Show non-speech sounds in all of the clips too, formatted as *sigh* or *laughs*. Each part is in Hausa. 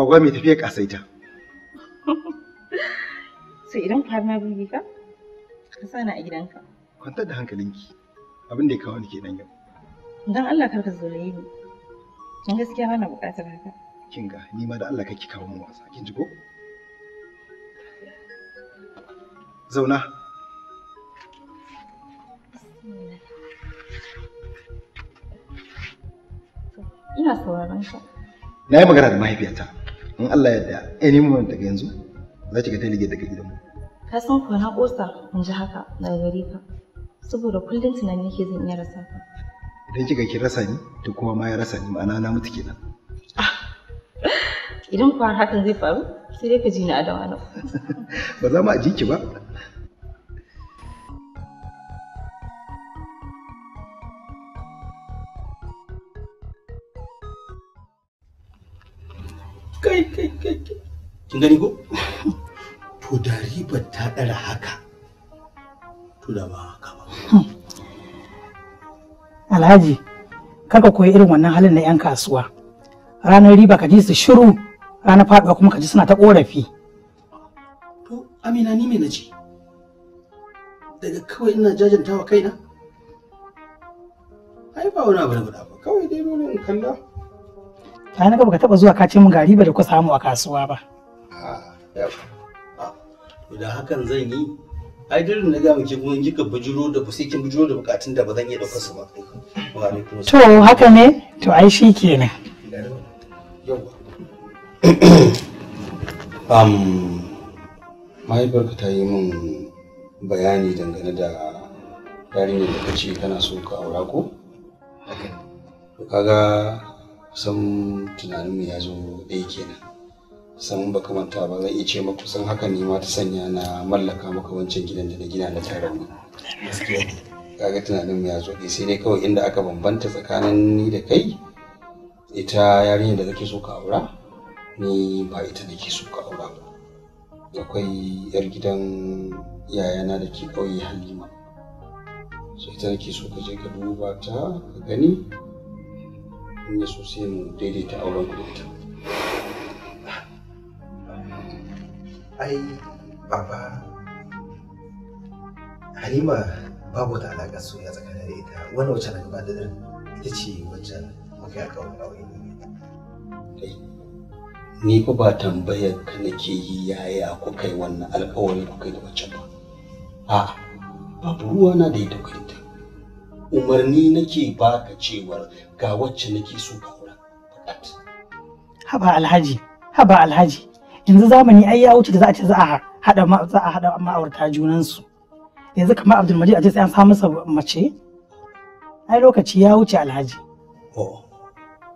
agwagwa mai tafiya ita. so idan ka na burge ka ka sana a gidanka kwantar da hankalinki abin da ya kawo ni kenan yau dan Allah kar ka zolaye ni in gaskiya bana buƙatar haka kin ga ni ma da Allah kake kawo mu wasa kin ji ko zauna ina sauraron ka na yi magana da mahaifiyata in Allah ya yarda any moment daga yanzu za ki ga talige daga gidanmu ka san ko na kosa in ji haka daga gare ka saboda kullum tunani yake zan iya rasa ka idan kika ki rasa ni to kuma ma ya rasa ni ma'ana na mutu kenan ah, idan kuwa hakan zai faru sai dai ka ji ni a dawana *laughs* ba za mu aji ki ba gani ko to da ribar ta ɗara haka to da ba haka ba hmm. alhaji kaka koyi irin wannan halin na 'yan kasuwa ranar riba ka ji su shiru ranar faɗuwa kuma ka ji suna ta ƙorafi to amina ni me na ce daga kawai ina jajanta wa kaina ai ba wani abu na ba kawai dai dole in kalla ta na gaba ka taɓa zuwa ka ce mun ga riba da ku samu a kasuwa ba Da hakan zan yi ai dirin na ga miki mun kika bujiro da ba sai kin bujiro da bukatun da ba zan iya daukar su ba to haka ne to ai shi kenan um mahaifarka ta yi min bayani dangane da yarinya da kace kana so ka aura ko kaga san tunanin ya zo ɗaya kenan san ba manta ba zan iya ce maka kusan haka ne ma ta sanya na mallaka maka wancan gidan da na gina na tare mu kaga tunanin mu ya zo sai dai kawai inda aka bambanta tsakanin ni da kai ita yarinyar da kake so ka aura ni ba ita nake so ka aura ba akwai yar gidan yayana da ke kauye halima so ita nake so ka je ka duba ta ka gani in ya so sai mu daidaita auren ku da ita ai baba halima babu wata alaƙa soyayya tsakanin da ita wannan wacce na gaba da ita ce wajen muka yi alƙawarin aure ni fa ba tambayar ka nake yi yaya kuka yi wannan alƙawarin kuka yi da wacce ba a'a babu ruwa na da ita kuka ita umarni nake baka cewar ga wacce nake so ka kula. haba alhaji haba alhaji yanzu zamani ai ya wuce da za a ce za a haɗa za a haɗa ma'aurata junansu yanzu kamar majid a ce sai an samu sa mace ai lokaci ya wuce alhaji oh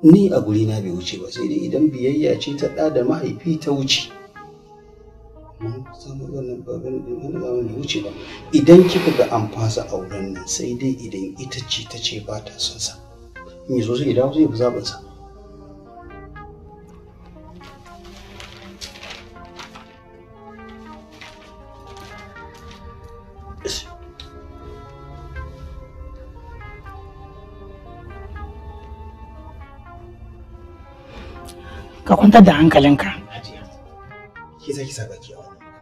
ni a guri na bai wuce ba sai dai idan biyayya ce ta ɗa da mahaifi ta wuce wuce ba idan kika ga an fasa auren nan sai dai idan ita ce ta ce ba ta son sa in yazo sai idan zai fi zaɓin sa ka kwantar da hankalinka ki zaki sa baki a wannan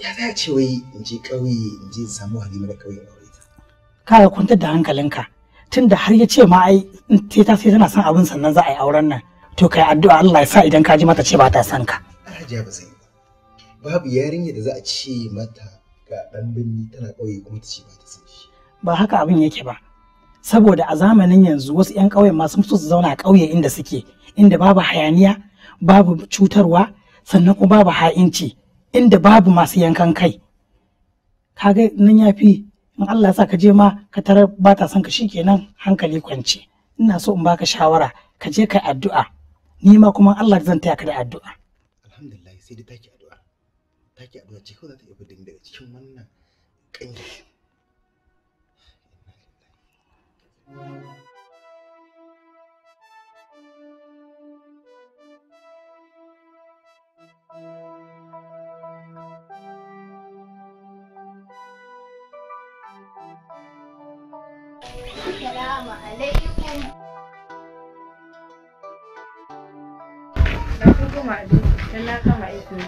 ya za ce wai in je ƙauye in je in samu halima da ƙauye aure ta ka ka kwantar da hankalinka tunda har ya ce ma ai in te ta sai tana son abin sannan za a yi auren nan to kai addu'a Allah ya sa idan ka ji mata ce ba ta san ka hajiya ba zan babu yarinya da za a ce mata ga dan binni tana ƙauye kuma ta ce ba ta san shi ba haka abin yake ba saboda a zamanin yanzu wasu 'yan ƙauyen ma sun su zauna a ƙauye inda suke inda babu hayaniya babu cutarwa sannan kuma babu ha'inci inda babu masu yankan kai kaga nan ya fi in Allah sa ka je ma ka tarar ba ta son ka kenan hankali kwance ina so in baka shawara ka je ka addu'a ni ma kuma Allah zan taya ka da addu'a alhamdulillah sai da take addu'a take addu'a ce ko za ta iya daga cikin wannan kanki Assalamu alaikum.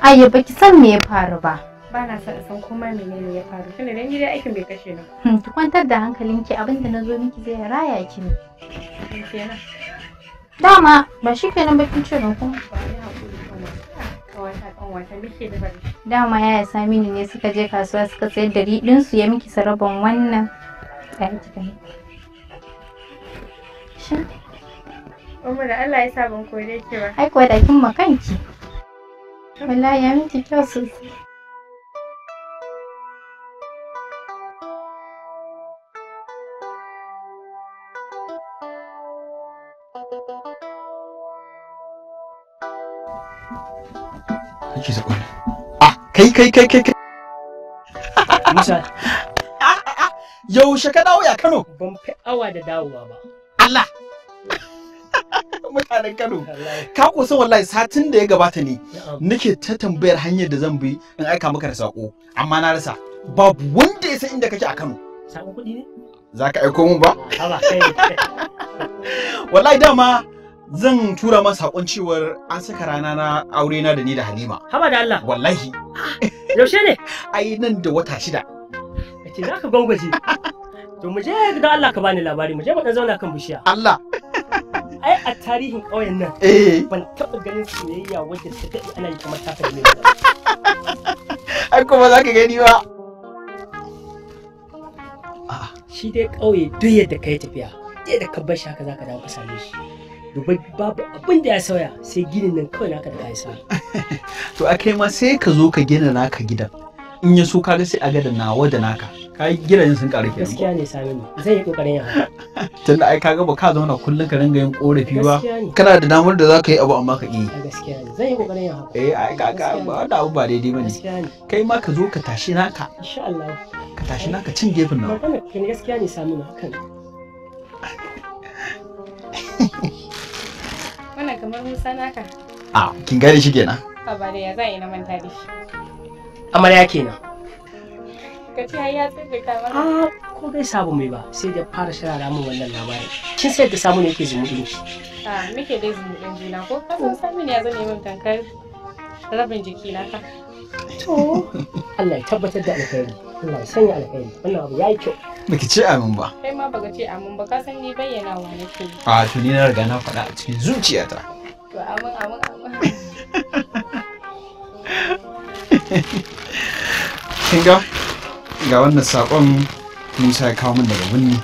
Ai, baki san me ya faru ba. ba na son san kuma menene ya faru tunda dan gida aikin bai kashe ni hmm, ki kwantar da hankalinki abinda na zo miki zai raya ki ne dama ba shi kenan bakin cin kuma dama yaya saminu ne suka je kasuwa suka sayar da riɗinsu ya miki sarabon wannan ɗaya kika yi da Allah ya sa ban kore ki ba ai kuwa da kin makanki wallahi ya miki kyau sosai kake zaɓa ni ah kai kai kai kai kai yaushe ka dawo ya kano ban fi awa da dawowa ba Allah *laughs* mutanen Kano. Ka kusa wallahi satin da ya gabata ne nake ta tambayar hanyar da zan bi in aika maka da sako amma na rasa babu wanda ya san inda kake a Kano. Sako kudi ne? Za ka aiko mun ba? *laughs* Wallahi dama zan tura masa saƙon cewar an saka rana na aure na da ni da Halima. Haba da Allah. Wallahi. Ah, yaushe ne? *laughs* Ai nan da wata shida. Ake za ka gwangwaje. To mu je da Allah ka bani labari mu je mu dan zauna kan bishiya. Allah. Ai a tarihin ƙauyen nan. Eh. Ban taɓa ganin soyayya wacce ta daɗe ana yi kamar ta da Ai kuma za ka gani ba. Shi dai ƙauye duk yadda ka yi tafiya. yadda ka bar shi haka za ka dawo ka same shi. dubai babu abin da ya sauya sai ginin nan kawai naka da ka sa *laughs* to a kai ma sai ka zo ka gina naka gidan in ya so ga sai a ga da nawa da naka kai gidajen sun karu kenan gaskiya ne sami ne zan yi kokarin yin haka *laughs* tunda ai kaga ba ka zauna kullun ka ringa yin korafi ba kana da damar da zaka yi abu amma ka yi gaskiya ne zan yi kokarin yin haka eh ai kaga ba da abu ba daidai bane kai ma ka zo ka tashi naka insha Allah ka tashi naka cin gefin nan gaskiya ne sami ne hakan *laughs* kamar musa naka a kin gane shi kenan a ba da ya za a na manta da shi amarya kenan ka ce har ya tsirrika kamar. a ko bai sabu mai ba sai da fara da min wannan labarin kin sai da samu ne yake zumuɗi a muke dai zumuɗin juna ko kasan sami ne ya zama min tankar rabin jiki na ka Allah ya tabbatar da alkhairi. Allah ya sanya alkhairi. Wannan abu ya yi kyau. Baki ce amin ba. Kai ma baka ce amin ba ka san ni bayyana wa nake. A to ni na riga na faɗa a cikin zuciyata. To amin amin amin. *laughs* Kin ga ga wannan saƙon Musa ya kawo min daga binni.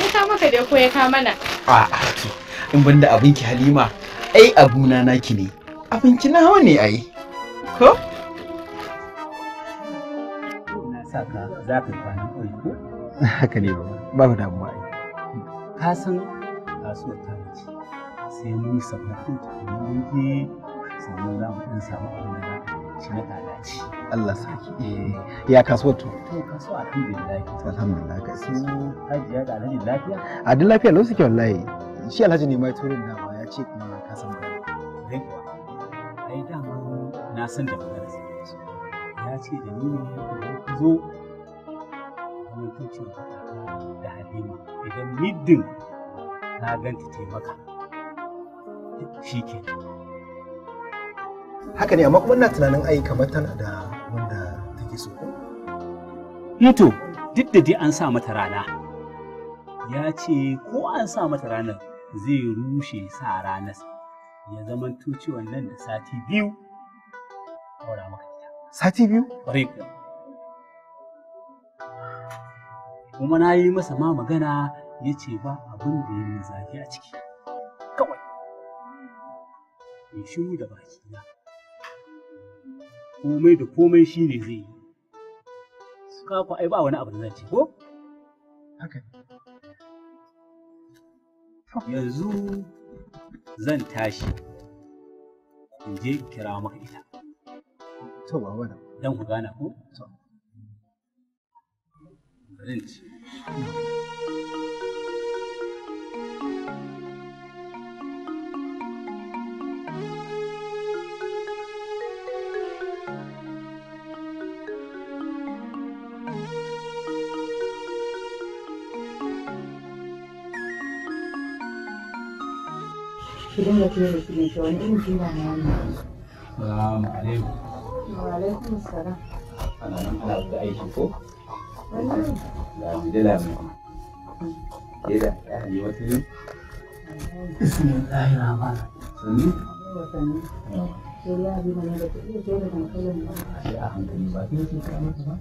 Ya kawo maka da ko ya kawo mana. A to in banda abinki Halima ai abuna naki ne. Abinki nawa ne ai. ko saka za ka kwana ko haka ne ba ba damuwa ka san kasuwar ta wuce sai mun safarin ta mun yi sannan za mu ɗan samu abin da shi na Allah sa eh ya kasuwar to to kasuwa alhamdulillah alhamdulillah ka su hajiya da alhaji lafiya a duk lafiya lau suke wallahi shi alhaji ne mai turin dama ya ce kuma ka san ba ai dama na san da magana zai yi su ya ce da ni ne idan ku zo kuma to ce da halima idan middin na ganta taimaka shi ke haka ne amma kuma ina tunanin ai kamar tana da wanda take so eh to duk da dai an sa mata rana ya ce ko an sa mata ranar zai rushe sa ranar ya zama tuci wannan da sati biyu aura maka ita sati biyu bare ku kuma na yi masa ma magana ya ce ba abin da ya zafi a ciki kawai ya shiru da baki na komai da komai shi ne zai yi suka ku ai ba wani abu da zan ce ko haka yanzu zan tashi in je kira maka ita. To ba wani. Don ku gana ko? To. Rinci. dinga da alaikum. Wa alaikum Ana nan ana da aiki ko? Lami da lami. Ke da ya yi wata ya bi mana da kuɗi da ba. a hankali ba su kama ba.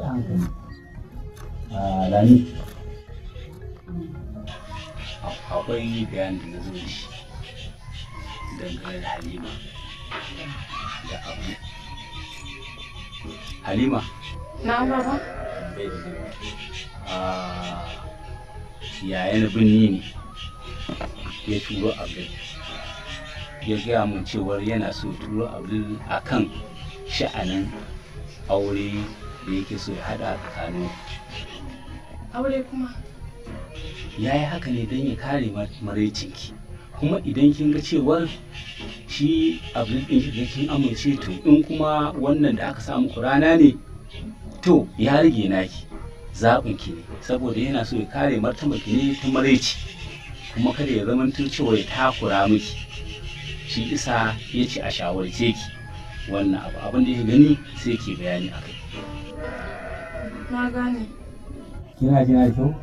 a hankali. Lami. akwai bayanin da na zo shi dangane da halima da abu halima na baba ah, yayan birni ne ya turo abin ya gaya min cewar yana so turo abin a kan sha'anin aure da yake so ya hada tsakanin aure kuma ya yi haka ne don ya kare maraicinki kuma idan kin ga cewar shi abu ɗin shi da kin amince to in kuma wannan da aka samu rana ne to ya rage naki zaɓin ki ne saboda yana so ya kare martaba ne ta maraici kuma kada ya zama cewa ya takura miki shi isa ya ce a shawarce ki wannan abu abin da ya gani sai ke bayani kai na gane kina jina kyau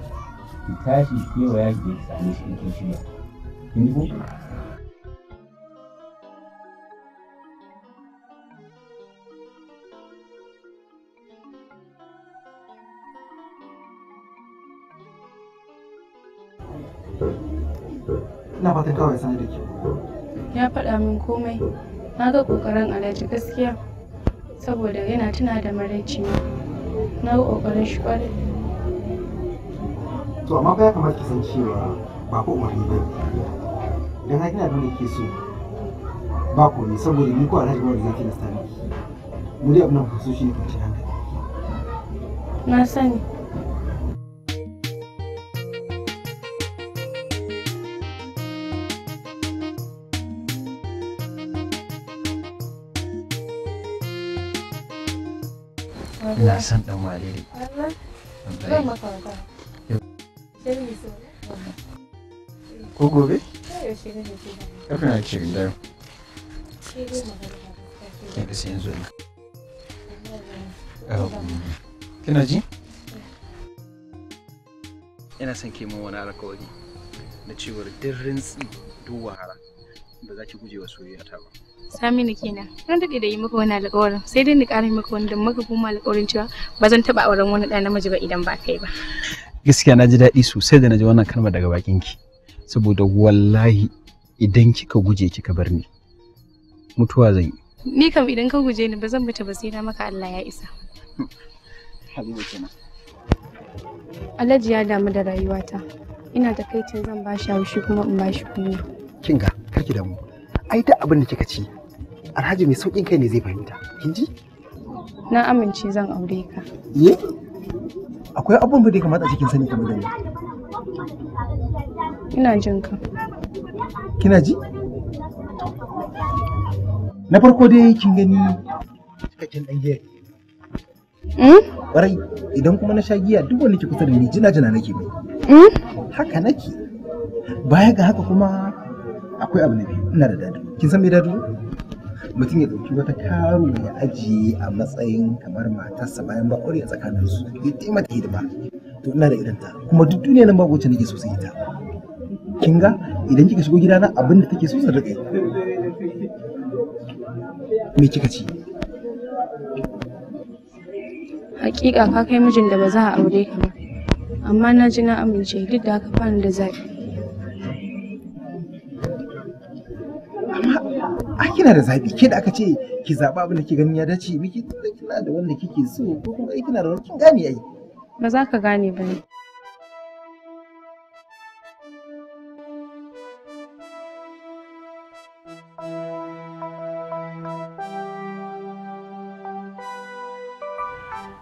ki tashi kewaya ki ki same shi in kin shirya kin ji ko ina fatan kawai sani da ke ya faɗa min komai na ga ƙoƙarin alhaji gaskiya saboda yana tuna da maraici na ga ƙoƙarin shi ƙwarai to amma ba ya kamata ki san cewa ba ko umarni ba idan har kina da yake so ba ku ne saboda ni ko alhaji wanda zai tilasta miki mu dai abin nan shi ne kwanci hankali na sani ɗan Allah. Allah. ko gobe? ƙarfi na cikin dare kin sai yanzu kina ji? ina son ke mun wani alkawari na cewar duk rintsi duk da ba za ki guje wa soyayya ta ba sami ni kenan na daɗe da yi maka wani alƙawarin sai dai ni ƙara maka wani don maka kuma alƙawarin cewa ba zan taɓa auren wani ɗan namiji ba idan ba kai ba gaskiya na ji daɗi sosai da na ji wannan kalmar daga bakin ki saboda wallahi idan kika guje kika bar ni mutuwa zan yi ni kam idan ka guje ni ba zan mutu ba sai na maka Allah ya isa habibu kenan Alhaji ya damu da rayuwata ina da kai zan ba shi haushi kuma in ba shi kunya kin ga damu ai duk abin da kika ci Alhaji mai saukin kai ne zai fahimta kin ji na amince zan aure ka ye eh? akwai abubuwan da ya kamata cikin sani kamar da ni Ina jin ka. Kina ji? Na farko dai kin gani cikakken ɗan giya. Hmm? Ƙwarai idan kuma na sha giya duk wanda ke kusa da ni jina jina nake mai. Hmm? Haka nake. Baya ga haka kuma akwai abu na biyu ina da dadu. Kin san me dadu? Mutum ya ɗauki wata karo ya ajiye a matsayin kamar matarsa bayan ba a tsakaninsu. Ya taimaka hidima. to ina da irin ta kuma duk duniya nan babu wacce nake so sai ita kin ga idan kika shigo gidana abin da take so sai rike me kika ci hakika ka kai mijin da ba za a aure ka ba amma na ji na amince duk da haka fara da zaɓi amma a kina da zaɓi ke da aka ce ki zaɓa abin da ke ganin ya dace miki kina da wanda kike so ko kuma kina da wani kin gani ai Ba za ka gane ba ne.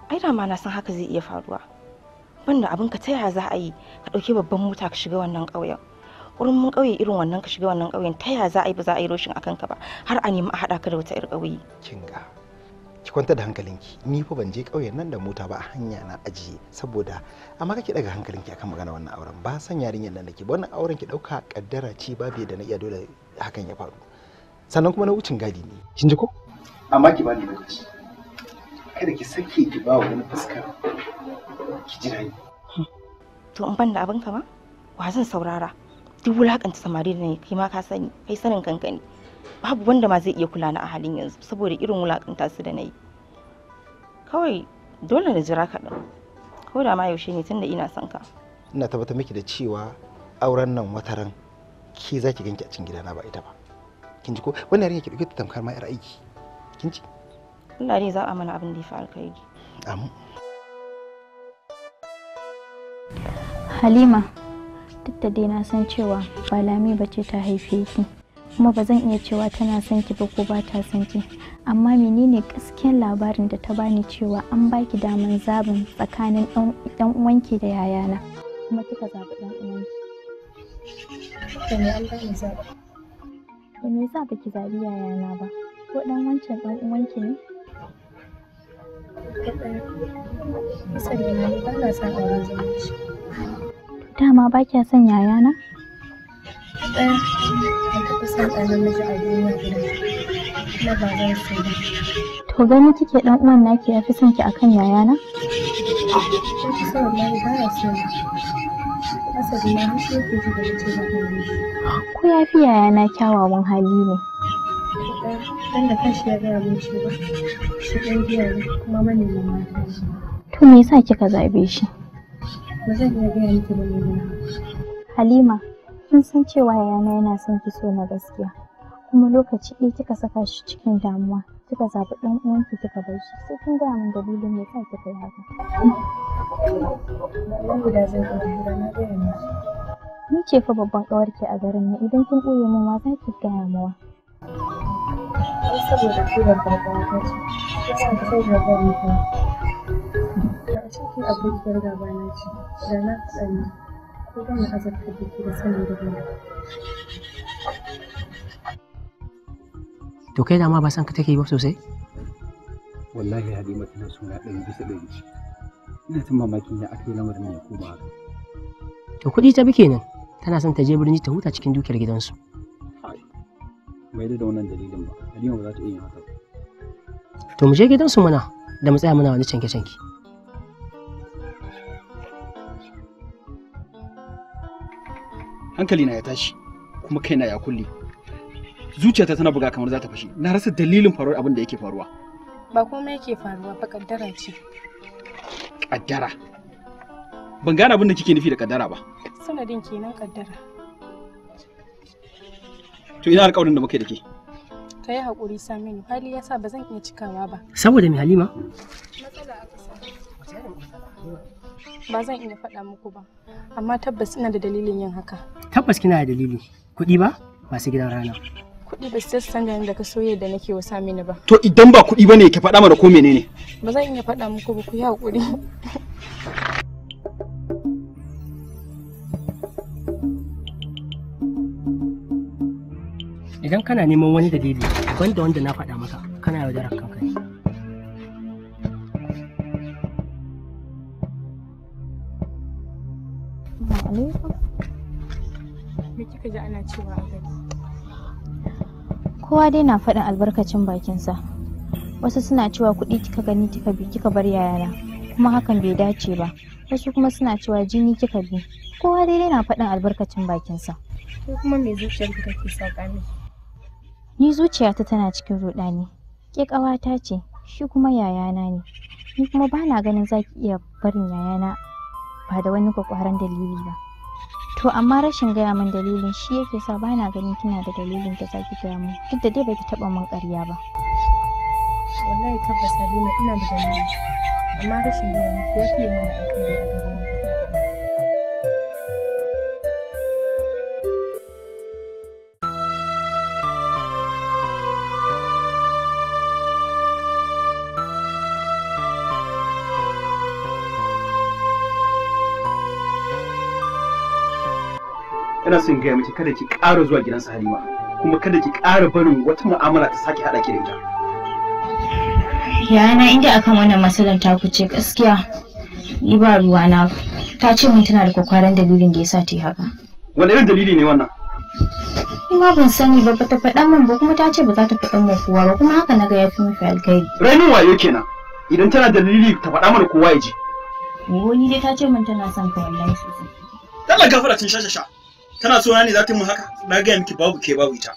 Ai da ma na san haka zai iya faruwa. Banda abin ka ta yaya za a yi ka ɗauki babban mota ka shiga wannan ƙauyen. mun ƙauye irin wannan ka shiga wannan ƙauyen ta yaya za a yi ba za a yi roshin akan ka ba har a nemi a haɗa ka da wata 'yar ƙauye. Kinga. ki kwanta da hankalinki ni fa ban je ƙauyen nan da mota ba a hanya na ajiye saboda amma kake daga hankalinki akan magana wannan auren ba san yarinyar nan ke wannan auren ki dauka kaddara ce babu da na iya dole hakan ya faru sannan kuma na wucin gadi ne kin ji ko amma ki bani lokaci kada ki sake ki ba wani fuska ki ji ni to in ban da abin ka wa zan saurara duk wulakanta samari ne kai ma ka sani kai sanin kanka ne babu wanda ma zai iya kula na a halin yanzu saboda irin wulaƙanta su da na yi kawai dole na jira kaɗan ko da ma yaushe ne tunda ina son ka ina tabbatar miki da cewa auren nan wataran ke za ki ganki a cikin gidana ba ita ba kin ji ko wannan yarinya ki dauke ta tamkar ma yar aiki kin ji Allah ne za a mana abin da ya fi alkhairi amin Halima duk da dai na san cewa ba lami ba ce ta haife ki kuma ba zan iya cewa tana son ki ba ko ba ta son ki amma menene gaskiyar labarin da ta bani cewa an baki daman zabin tsakanin dan uwanki da yayana kuma kika zabi dan uwanki to me an bani zabi to me yasa baki zabi yayana ba ko dan wancan dan uwanki ne Bisa da ba na son auren zumunci. Dama ba kya son yayana? ɗaya da taɓa son ɗa namiji a duniya guda na baban su ba. To gani kike ɗan uwan naki ya fi son ki akan yayana? Ya fi son wallahi ba ya son. Asali ma har sai ke ji da ce da hannu. Ko ya fi yayana kyawawan hali ne? Dan da kanshi ya gaya mun cewa shi ɗan biya ne kuma manema mata shi. To me yasa kika zabe shi? Ba zan iya gaya miki ba ne Halima, kin san cewa yana yana son ki so na gaskiya kuma lokaci ɗaya kika saka shi cikin damuwa kika zaɓi ɗan uwanki kika bar shi sai kin gaya min dalilin me yasa kika yi haka ni ce fa babban ƙawarki a garin nan idan kin ɓoye min wa za ki gaya mawa saboda ke babbar ƙawarka ce yasa ta sai da gaya miki da a cikin abokiyar gaba na ce da na tsani ko zan yi azabtar da ke da saboda gina. To kai dama ba san ka take yi ba sosai? Wallahi Halima tana suna ɗari bisa ɗari ce. Ina tun mamakin da aka yi lamarin ya koma haka. To kuɗi ta bi kenan tana son ta je birni ta huta cikin dukiyar gidansu. Mai da wannan dalilin ba, Halima ba za ta iya yin haka. To mu je gidansu mana da mu tsaya muna wani canke-canke. hankali na ya tashi kuma kaina ya kulle zuciyata tana buga kamar za ta fashe na rasa dalilin faruwar abin da yake faruwa ba komai yake faruwa ba kaddara ce kaddara ban gane abin da kike nufi da kaddara ba sanadin kenan kaddara to ina alƙawarin da muke da ke ka yi haƙuri saminu hali yasa ba zan iya cikawa ba saboda mai halima matsala aka samu Ba zan iya faɗa muku ba, amma tabbas ina da dalilin yin haka. Tabbas kina da dalili, kuɗi ba masu gidan rana. Kuɗi ba su sanda da ka soye da nake wa Saminu ba. To idan ba kuɗi bane ki faɗa mana ko menene? Ba zan iya faɗa muku ba ku yi haƙuri. Idan kana neman wani dalili, banda wanda na faɗa maka, ji ana cewa kowa dai na faɗin albarkacin bakinsa wasu suna cewa kuɗi kika gani kika bi kika bar yayana kuma hakan bai dace ba wasu kuma suna cewa jini kika bi kowa dai na faɗin albarkacin bakinsa ko kuma me zuciyar ka take saka ni ni zuciyata tana cikin ruɗani ke ƙawata ce shi kuma yayana ne ni kuma bana ganin zaki iya barin yayana ba da wani kwakwaran dalili ba to amma rashin gaya min dalilin shi yake sa bana ganin kina da dalilin da zaki gaya min duk da dai baki taba min ƙarya ba wallahi tabbas Halima ina da dalili amma rashin gaya min ya fiye mana alƙairi a gaba ina son gaya miki kada ki ƙara zuwa gidan Halima kuma kada ki ƙara barin wata mu'amala ta sake haɗa ki da ita. inda akan wannan matsalar ta kuce gaskiya ni ba ruwa na ta ce mun tana da kwakwaran dalilin da yasa ta yi haka. Wanda irin dalili ne wannan? Ni ma ban sani ba ta faɗa min ba kuma ta ce ba za ta faɗa min kowa ba kuma haka na ga yafi mafi alkhairi. Rainin wayo kenan idan tana da dalili ta faɗa mana kowa ya ji. Wani dai ta ce min tana son ka wallahi sosai. Dalla gafara tun shashasha. tana so ne za yi mu haka na gaya miki babu ke babu ita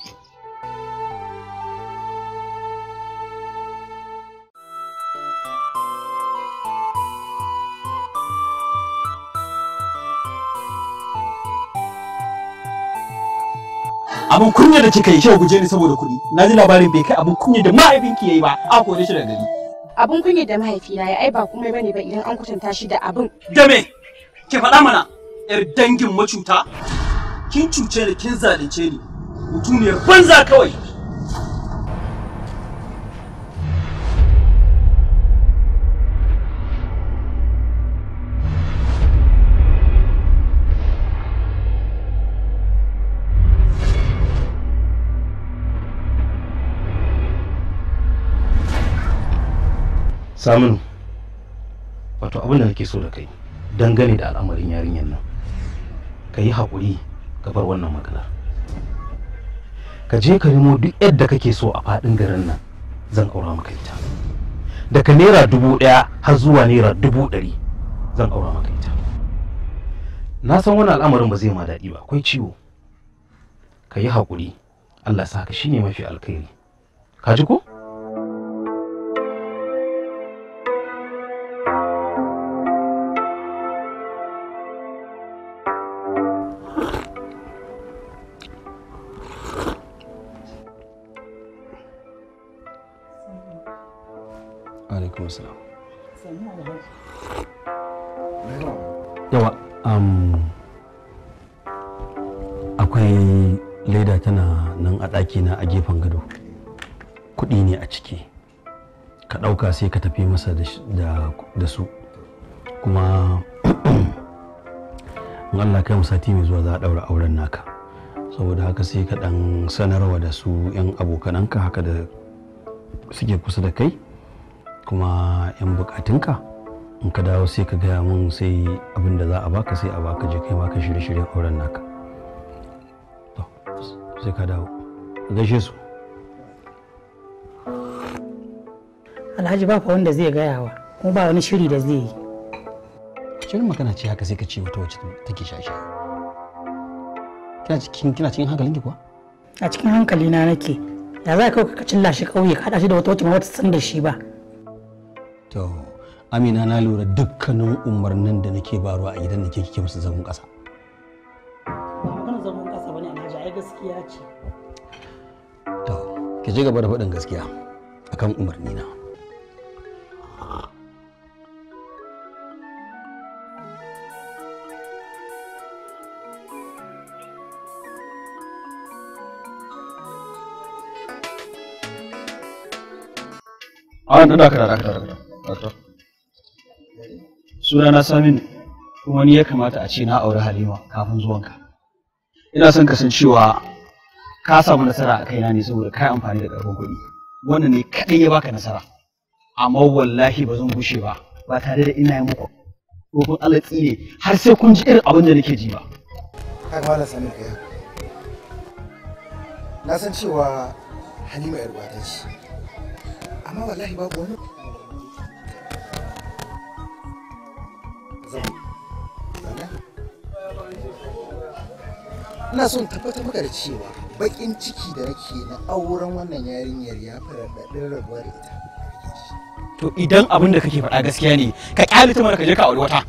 abin kunya da kika yi kyau guje ni saboda kuɗi na ji labarin bai kai abin kunya da mahaifinki yayi ba a kore shi da gari abin kunya da mahaifina ya ai ba komai bane ba idan an kwatanta shi da abin da me ke faɗa mana yar dangin macuta kin cuce ni kin zalice ni mutuniyar banza kawai Saminu, wato abin da nake so da kai dangane da al'amarin yarinyar nan, ka yi haƙuri gabar wannan maganar ka je ka nemo duk yadda kake so a faɗin garin nan zan aura maka ita daga naira dubu ɗaya har zuwa naira dubu ɗari zan aura maka ita na san wani al'amarin ba zai ma daɗi ba akwai ciwo ka yi haƙuri allah sa ka ne mafi alkhairi ka ji ko salam yawa um, akwai leda tana nan a ɗakina a gefen gado kuɗi ne a ciki ka ɗauka sai ka tafi masa da su kuma in Allah kai sati mai zuwa za a ɗaura auren naka saboda haka sai ka ɗan sanarwa da su 'yan abokananka haka da suke kusa da kai kuma 'yan bukatunka in ka dawo sai ka gaya mun sai abin da za a baka sai a baka je kai maka shirye-shiryen auren naka to sai ka dawo gaishe su alhaji ba fa wanda zai gaya wa kuma ba wani shiri da zai yi shirin magana ce haka sai ka ce wata wacce take shashe kina cikin ki kuwa a cikin hankali na nake ya za ka kawo ka cilla shi kauye ka haɗa shi da wata wacce ma wata san da shi ba to amina na lura dukkanin umarnin da nake barwa a gidan da ke kike musu zagon kasa ba magana zagon kasa bane alhaji ai gaskiya ce to ki ji gaba da faɗin gaskiya akan umarni na a nan da aka da aka suna na samin kuma ni ya kamata a ce na auri halima kafin zuwanka ina son kasancewa ka samu nasara a kaina ne saboda kai amfani da karfin kuɗi wannan ne kaɗai ya baka nasara amma wallahi ba zan gushe ba ba tare da ina yi muku rokon Allah ne har sai kun ji irin abin da nake ji ba kai malam samin kai na san cewa halima yar ce amma wallahi ku wani ina son tabbatar maka da cewa bakin ciki da nake na auren wannan yarinyar ya fara daɗin rabuwar ita to idan abin da kake faɗa gaskiya ne ka kyale ta mana ka je ka aure wata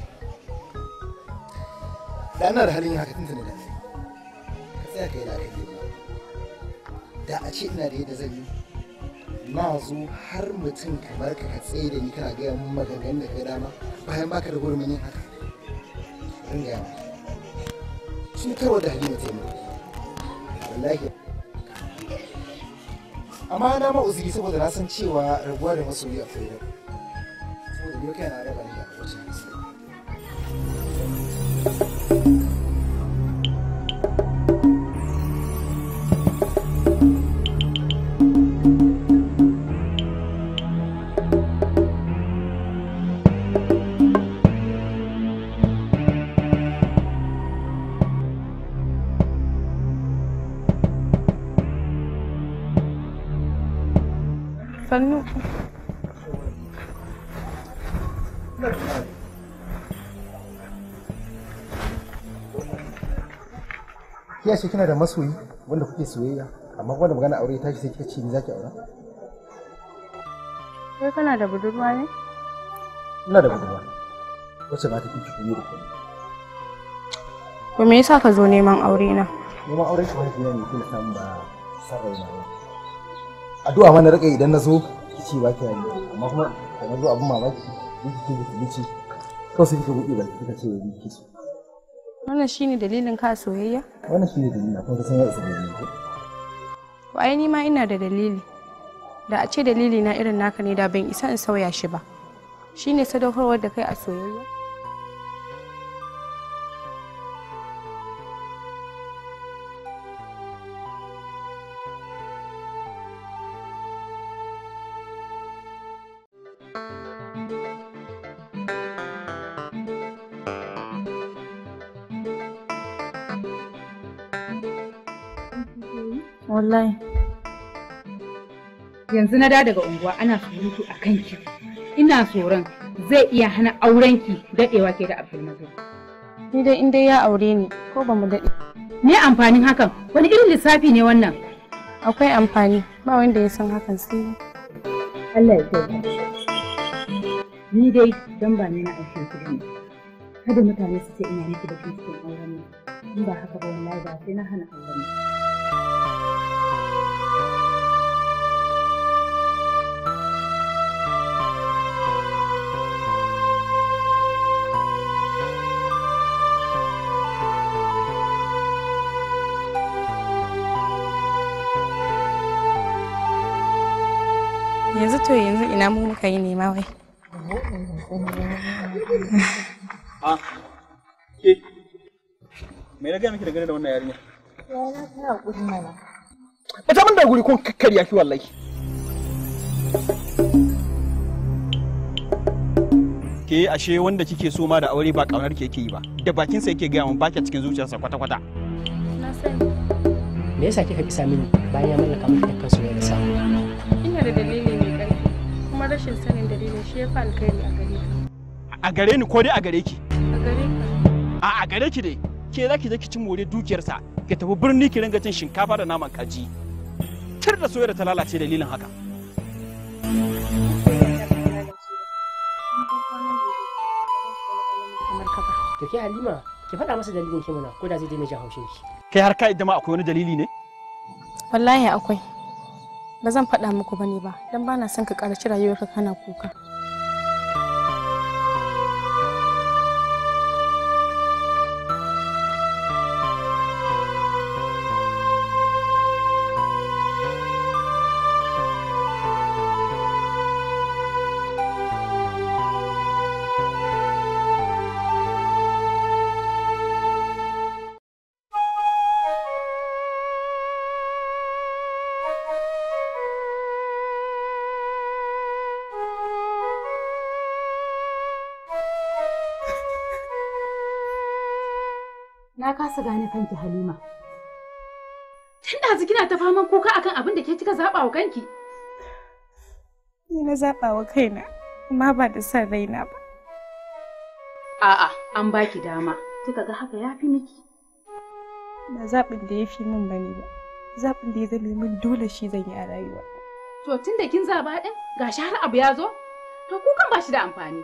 da ina da halin haka tuntuni da ka tsaya kai da kai da a ce ina da yadda zan yi na zo har mutum kamar ka ka tsaye da ni kana gaya mun maganganun da kai dama bayan baka da gurin yin haka ringa yawa sun karo da halima ta yi wallahi amma na ma uzuri saboda na san cewa rabuwa da masoyi a fayyar sannu kiya ce kina da masoyi wanda kuke soyayya amma kuma da magana aure tashi sai kika ce ni zaki aura kai kana da budurwa ne ina da budurwa wacce ba ta fi ki koyo da komai to me yasa ka zo neman aure na neman aure shi wani ne kina san ba sarai na addu'a mana rika idan na so kici ba ki yi amma kuma da na zo abin mamaki ki ki ki ci ko sai kika buɗe baki kika ce ni ki so wannan shine dalilin ka soyayya wannan shine dalilin ka ga san ya isa dalilin ka wai ni ma ina da dalili da a ce dalili na irin naka ne da ban isa in sauya shi ba shine sadaukarwar da kai a soyayya wallahi yanzu na da daga unguwa ana surutu a kanki ina tsoron zai iya hana aurenki dadewa ke da abdulmazir ni dai in dai ya aure ni ko ba mu dade me amfanin hakan wani irin lissafi ne wannan akwai amfani ba wanda ya san hakan sai Allah ya kai ni dai dan ba ni na aiki ku ne kada mutane su ce ina miki da cikin auren nan in ba haka ba wallahi ba sai na hana auren to yanzu ina mu muka yi nema wai a ah, me na gaya miki da gane da wannan yarinya Ya ta min guri kun kakkarya ki wallahi ke ashe wanda kike so ma da aure ba kaunar ke yake yi ba da bakin sa yake gaya min baki cikin zuciyarsa kwata kwata na sani me yasa kika kisa mini bayan ya mallaka mun dukkan soyayya da samu ina da dalili kuma rashin sanin dalilin shi ya fa alkhairi a gare ka a gare ni ko dai a gare ki a gare ka a a gare ki dai ke zaki zaki cin more dukiyar sa ki tafi birni ki ringa cin shinkafa da naman kaji tar da soyayya ta lalace dalilin haka to ke halima ki faɗa masa dalilin ki muna ko da zai daina jin haushin ki kai har ka idan ma akwai wani dalili ne wallahi akwai ba zan faɗa muku bane ba don ba na son ka ƙarashi rayuwarka kana kuka kasa gane kanki Halima. Tun da kina ta faman kuka akan abin da ke kika zaba wa kanki. Ni na zaba wa kaina, amma ba da san raina ba. A'a, an baki dama. Kika ga haka yafi miki. Ba zaɓin da ya fi min bane ba. Zaɓin da ya zame min dole shi zan yi a rayuwa. To tun da kin zaba ɗin, gashi har abu ya zo? To kukan ba shi da amfani.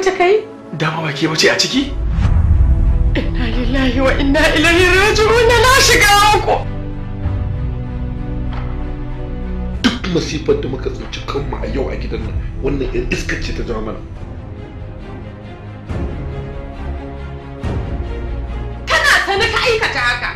wuce kai dama ba ke wuce a ciki inna lillahi wa inna ilaihi raji'un na shiga ku duk masifar da muka tsinci kanmu a yau a gidan nan wannan yan iska ce ta jawo mana kana sani ka aikata haka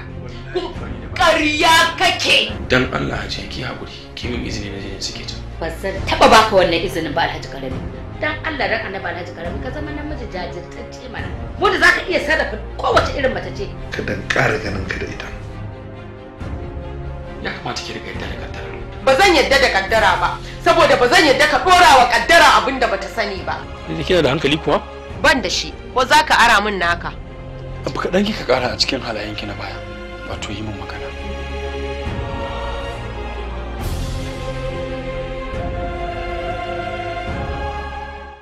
ƙarya kake dan Allah ce ki haƙuri ki min izini na jinin suke can ba zan taɓa baka wannan izinin ba alhaji karami dan Allah ran annabi Alhaji Karami ka zama namiji jajirtacce mana wanda zaka iya sarrafa kowace irin mace ce ka dan ƙara ganin ka da ita ya kamata ki riga yadda da kaddara ba zan yadda da kaddara ba saboda ba zan yadda ka dora wa kaddara abin da bata sani ba ni kina da hankali kuwa ban da shi ko zaka ara min naka abu kaɗan kika ƙara a cikin halayenki na baya wato yi min magana